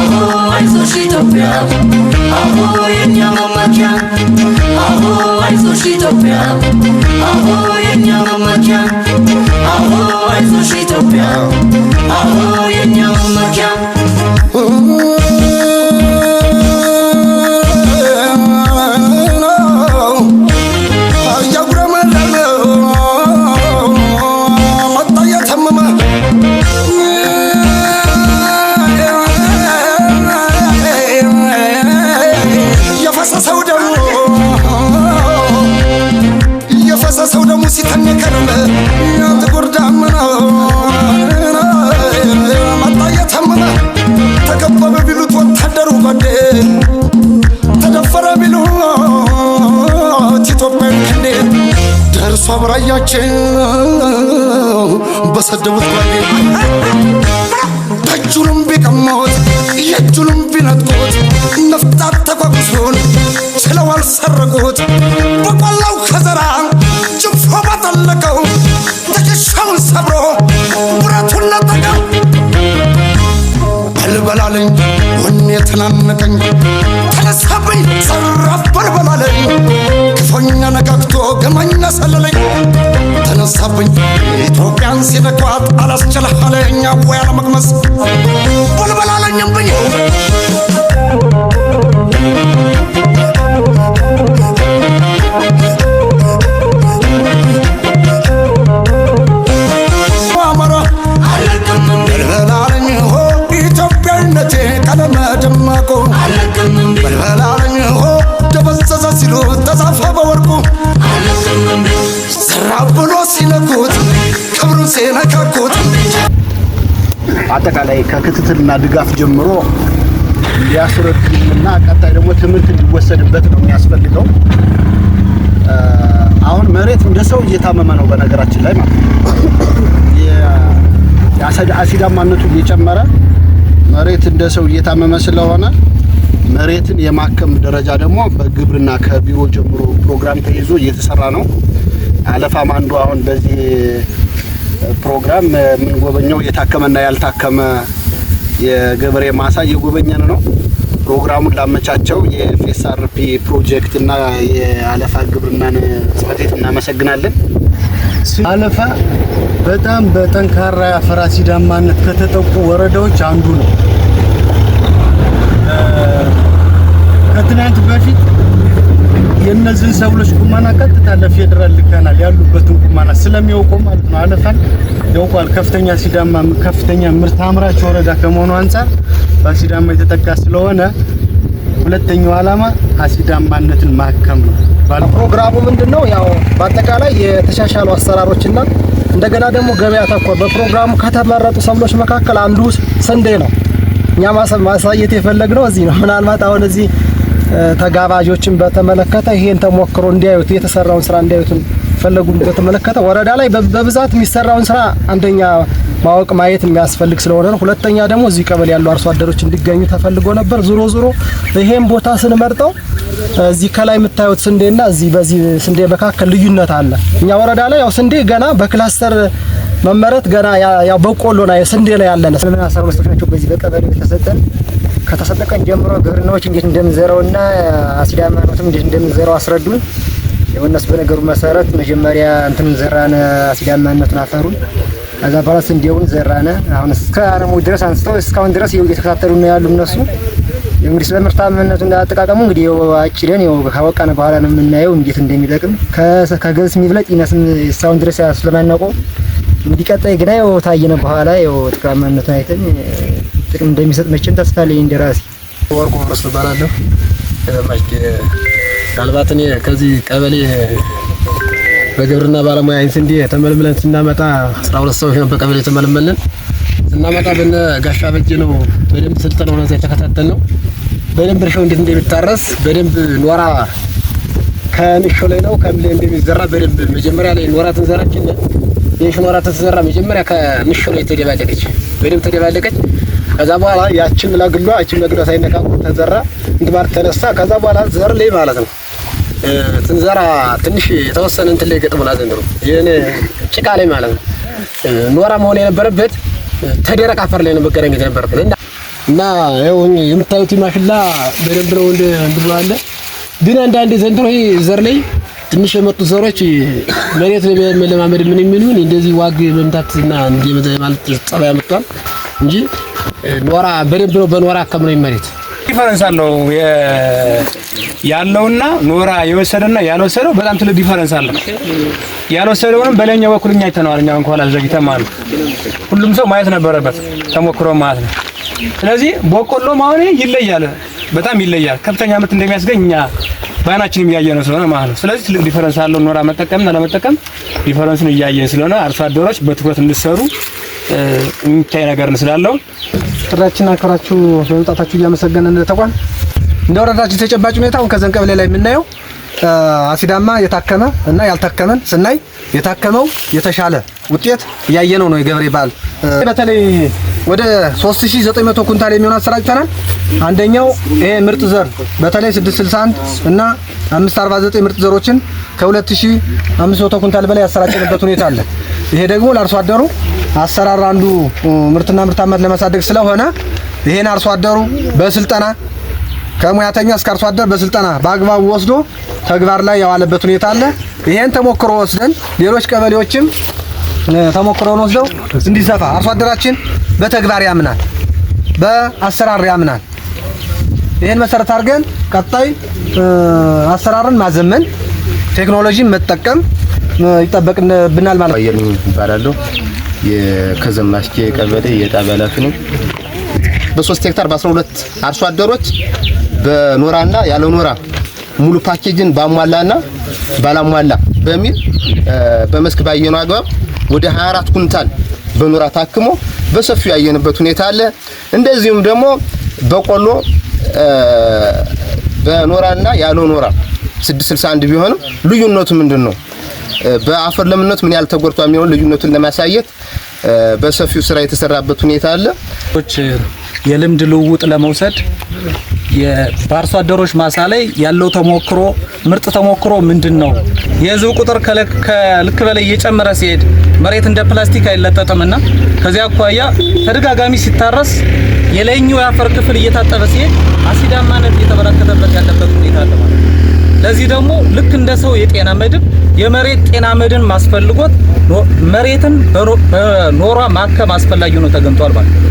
አሁ አይዞሽ ኢትዮጵያ አሁ የኛ መመኪያ አሁ አይዞሽ ኢትዮጵያ አሁ የኛ መመኪያ አሁ አይዞሽ ኢትዮጵያ አሁ የኛ መመኪያ መወደድ ተደፈረ ቢሉት ኢትዮጵያን ክንድ ደርሶ አብራያችን በሰደቡት ጓዴ ደጁንም ቢቀመት የእጁንም ቢነጥቁት ነፍጣት ተጓጉዞን ችለው አልሰረቁት በቆላው ከዘራ የተናነቀኝ ተነሳብኝ ሰራባል በላለኝ ክፉኛ ነጋግቶ ገመኛ ሰለለኝ ተነሳብኝ ኢትዮጵያን ሲነኳት አላስችልሃለኛ ወይ አለመቅመስ ቦልበላለኝም ብኝ በልበላኝ ሆ ደበዘዘ ሲሉ ተጻፈ በወርቁ ሰራ ብሎ ሲነኩት ክብሩን ሲነካኩት አጠቃላይ ከክትትልና ድጋፍ ጀምሮ እንዲያስረክብና ቀጣይ ደግሞ ትምህርት እንዲወሰድበት ነው የሚያስፈልገው። አሁን መሬት እንደ ሰው እየታመመ ነው። በነገራችን ላይ ማለት የአሲዳማነቱ እየጨመረ መሬት እንደ ሰው እየታመመ ስለሆነ መሬትን የማከም ደረጃ ደግሞ በግብርና ከቢሮ ጀምሮ ፕሮግራም ተይዞ እየተሰራ ነው። አለፋም አንዱ አሁን በዚህ ፕሮግራም የምንጎበኘው የታከመና ያልታከመ የገበሬ ማሳ እየጎበኘን ነው። ፕሮግራሙን ላመቻቸው የኤፍኤስአርፒ ፕሮጀክት እና የአለፋ ግብርናን ጽሕፈት ቤት እናመሰግናለን። አለፋ በጣም በጠንካራ የአፈር አሲዳማነት ከተጠቁ ወረዳዎች አንዱ ነው። ከትናንት በፊት የነዚህን ሰብሎች ቁመና ቀጥታ ለፌዴራል ልከናል። ያሉበትን ቁመና ስለሚያውቀው ማለት ነው። አለፋን ያውቋል። ከፍተኛ ሲዳማ ከፍተኛ ምርት አምራች ወረዳ ከመሆኑ አንጻር በሲዳማ የተጠቃ ስለሆነ ሁለተኛው ዓላማ አሲዳማነትን ማከም ነው። ፕሮግራሙ ምንድን ነው? ያው በአጠቃላይ የተሻሻሉ አሰራሮችና እንደገና ደግሞ ገበያ ተኮር በፕሮግራሙ ከተመረጡ ሰብሎች መካከል አንዱ ስንዴ ነው። እኛ ማሳየት የፈለግነው እዚህ ነው። ምናልባት አሁን እዚህ ተጋባዦችን በተመለከተ ይሄን ተሞክሮ እንዲያዩት የተሰራውን ስራ እንዲያዩት ፈለጉ በተመለከተ ወረዳ ላይ በብዛት የሚሰራውን ስራ አንደኛ ማወቅ ማየት የሚያስፈልግ ስለሆነ ነው። ሁለተኛ ደግሞ እዚህ ቀበሌ ያሉ አርሶ አደሮች እንዲገኙ ተፈልጎ ነበር። ዞሮ ዞሮ ይሄን ቦታ ስንመርጠው እዚህ ከላይ የምታዩት ስንዴና እዚህ በዚህ ስንዴ መካከል ልዩነት አለ። እኛ ወረዳ ላይ ያው ስንዴ ገና በክላስተር መመረት ገና ያው በቆሎና ስንዴ ነው ያለነ ስለምን አሰር በዚህ በቀበሌ ተሰጠን ከተሰጠቀን ጀምሮ ግብርናዎች እንዴት እና አሲድ ሃይማኖትም እንዴት እንደምንዘራው አስረዱን። እነሱ በነገሩ መሰረት መጀመሪያ እንትን ዘራነ አሲዳማነቱን አፈሩን፣ ከዛ በኋላ ስንዴውን ዘራነ። አሁን እስከ አረሙ ድረስ አንስተው እስካሁን ድረስ ይኸው እየተከታተሉ ነው ያሉ እነሱ። እንግዲህ ስለ ምርታማነቱ እንዳጠቃቀሙ እንግዲህ አጭደን ይኸው ካወቃነ በኋላ ነው የምናየው እንዴት እንደሚጠቅም ከገብስ የሚብለጥ ይነስም እስካሁን ድረስ ስለማናውቀው እንግዲህ ቀጣይ ግና ይኸው ታየነ በኋላ ይኸው አይተን ጥቅም እንደሚሰጥ መቼም ተስፋ ላይ እንደራሴ ወርቁ መስ እባላለሁ። ምናልባት እኔ ከዚህ ቀበሌ በግብርና ባለሙያ ስንዴ ተመልምለን ስናመጣ 12 ሰዎች ነው በቀበሌ ተመልመልን ስናመጣ በነ ጋሻ በጅ ነው በደንብ ስልጠና ሆነ የተከታተል ነው። በደንብ እርሻው እንዴት እንደሚታረስ በደንብ ኖራ ከንሾ ላይ ነው ከምሌ እንደሚዘራ በደንብ መጀመሪያ ላይ ኖራ ትንዘራችን የሽ ኖራ ተዘራ መጀመሪያ ከንሾ ላይ ተደባለቀች፣ በደንብ ተደባለቀች። ከዛ በኋላ ያችን ለግሏ ያችን ለግሏ ሳይነካ ተዘራ እንግባር ተነሳ። ከዛ በኋላ ዘር ላይ ማለት ነው ትንዘራ ትንሽ የተወሰነ እንትን ላይ ገጥሞና ዘንድሮ የኔ ጭቃ ላይ ማለት ነው ኖራ መሆን የነበረበት ተደረቅ አፈር ላይ ነው መገናኘት የነበረበት እና ያው የምታዩት ማሽላ በደንብ ነው እንደ እንድሎ አለ። ግን አንዳንዴ ዘንድሮ ይሄ ዘር ላይ ትንሽ የመጡ ዘሮች መሬት ለመለማመድ ምን ምን እንደዚህ ዋግ መምታትና እንደ ማለት ጸባይ መጥቷል እንጂ ኖራ በደንብ ነው በኖራ ከም መሬት ዲፈረንስ አለው ያለውና ኖራ የወሰደና ያልወሰደው በጣም ትልቅ ዲፈረንስ አለው። ያልወሰደውንም በላይኛው በኩል እኛ አይተነዋል። እኛ እንኳን አልዘግይተን ማለት ነው። ሁሉም ሰው ማየት ነበረበት ተሞክሮ ማለት ነው። ስለዚህ በቆሎ ማሆነ ይለያል፣ በጣም ይለያል። ከፍተኛ ምርት እንደሚያስገኝ እኛ ባይናችንም እያየነው ስለሆነ ማለት ነው። ስለዚህ ትልቅ ዲፈረንስ አለው ኖራ መጠቀምና ለመጠቀም ዲፈረንሱን እያየን ስለሆነ አርሶ አደሮች በትኩረት እንዲሰሩ የሚታይ ነገር ስላለው ጥሪያችንን አክብራችሁ በመምጣታችሁ እያመሰገነ ተቋም እንደወረዳችሁ ተጨባጭ ሁኔታውን ከዘን ቀበሌ ላይ የምናየው አሲዳማ የታከመ እና ያልታከመን ስናይ የታከመው የተሻለ ውጤት እያየነው ነው። የገበሬ በዓል በተለይ ወደ 3900 ኩንታል የሚሆን አሰራጭተናል። አንደኛው ይሄ ምርጥ ዘር በተለይ 661 እና 549 ምርጥ ዘሮችን ከ2500 ኩንታል በላይ ያሰራጨንበት ሁኔታ አለ። ይሄ ደግሞ ለአርሶ አደሩ አሰራር አንዱ ምርትና ምርታማነት ለማሳደግ ስለሆነ ይሄን አርሶ አደሩ በስልጠና ከሙያተኛ እስከ አርሶ አደር በስልጠና በአግባቡ ወስዶ ተግባር ላይ ያዋለበት ሁኔታ አለ። ይሄን ተሞክሮ ወስደን ሌሎች ቀበሌዎችም ተሞክሮን ወስደው እንዲሰፋ አርሶ አደራችን በተግባር ያምናል፣ በአሰራር ያምናል። ይህን መሰረት አድርገን ቀጣይ አሰራርን ማዘመን ቴክኖሎጂን መጠቀም ይጠበቅብናል ማለት ነው። የከዘማሽኬ ቀበሌ የጣበላት ነው። በሶስት ሄክታር በ12 አርሶ አደሮች በኖራና ያለ ኖራ ሙሉ ፓኬጅን ባሟላና ባላሟላ በሚል በመስክ ባየነው አግባብ ወደ 24 ኩንታል በኖራ ታክሞ በሰፊው ያየንበት ሁኔታ አለ። እንደዚሁም ደግሞ በቆሎ በኖራና ያለ ኖራ 661 ቢሆንም ልዩነቱ ምንድን ነው? በአፈር ለምነት ምን ያህል ተጎድቷ የሚሆን ልዩነቱን ለማሳየት በሰፊው ስራ የተሰራበት ሁኔታ አለ። የልምድ ልውውጥ ለመውሰድ የአርሶ አደሮች ማሳ ላይ ያለው ተሞክሮ ምርጥ ተሞክሮ ምንድን ነው? የህዝብ ቁጥር ከልክ በላይ እየጨመረ ሲሄድ መሬት እንደ ፕላስቲክ አይለጠጥምና ከዚህ አኳያ ተደጋጋሚ ሲታረስ የላይኛው የአፈር ክፍል እየታጠበ ሲሄድ አሲዳማነት እየተበራከተበት ያለበት ሁኔታ አለ ማለት ነው። ለዚህ ደግሞ ልክ እንደ ሰው የጤና መድን የመሬት ጤና መድን ማስፈልጎት መሬትን በኖራ ማከም አስፈላጊ ሆኖ ተገኝቷል። ማለት ነው።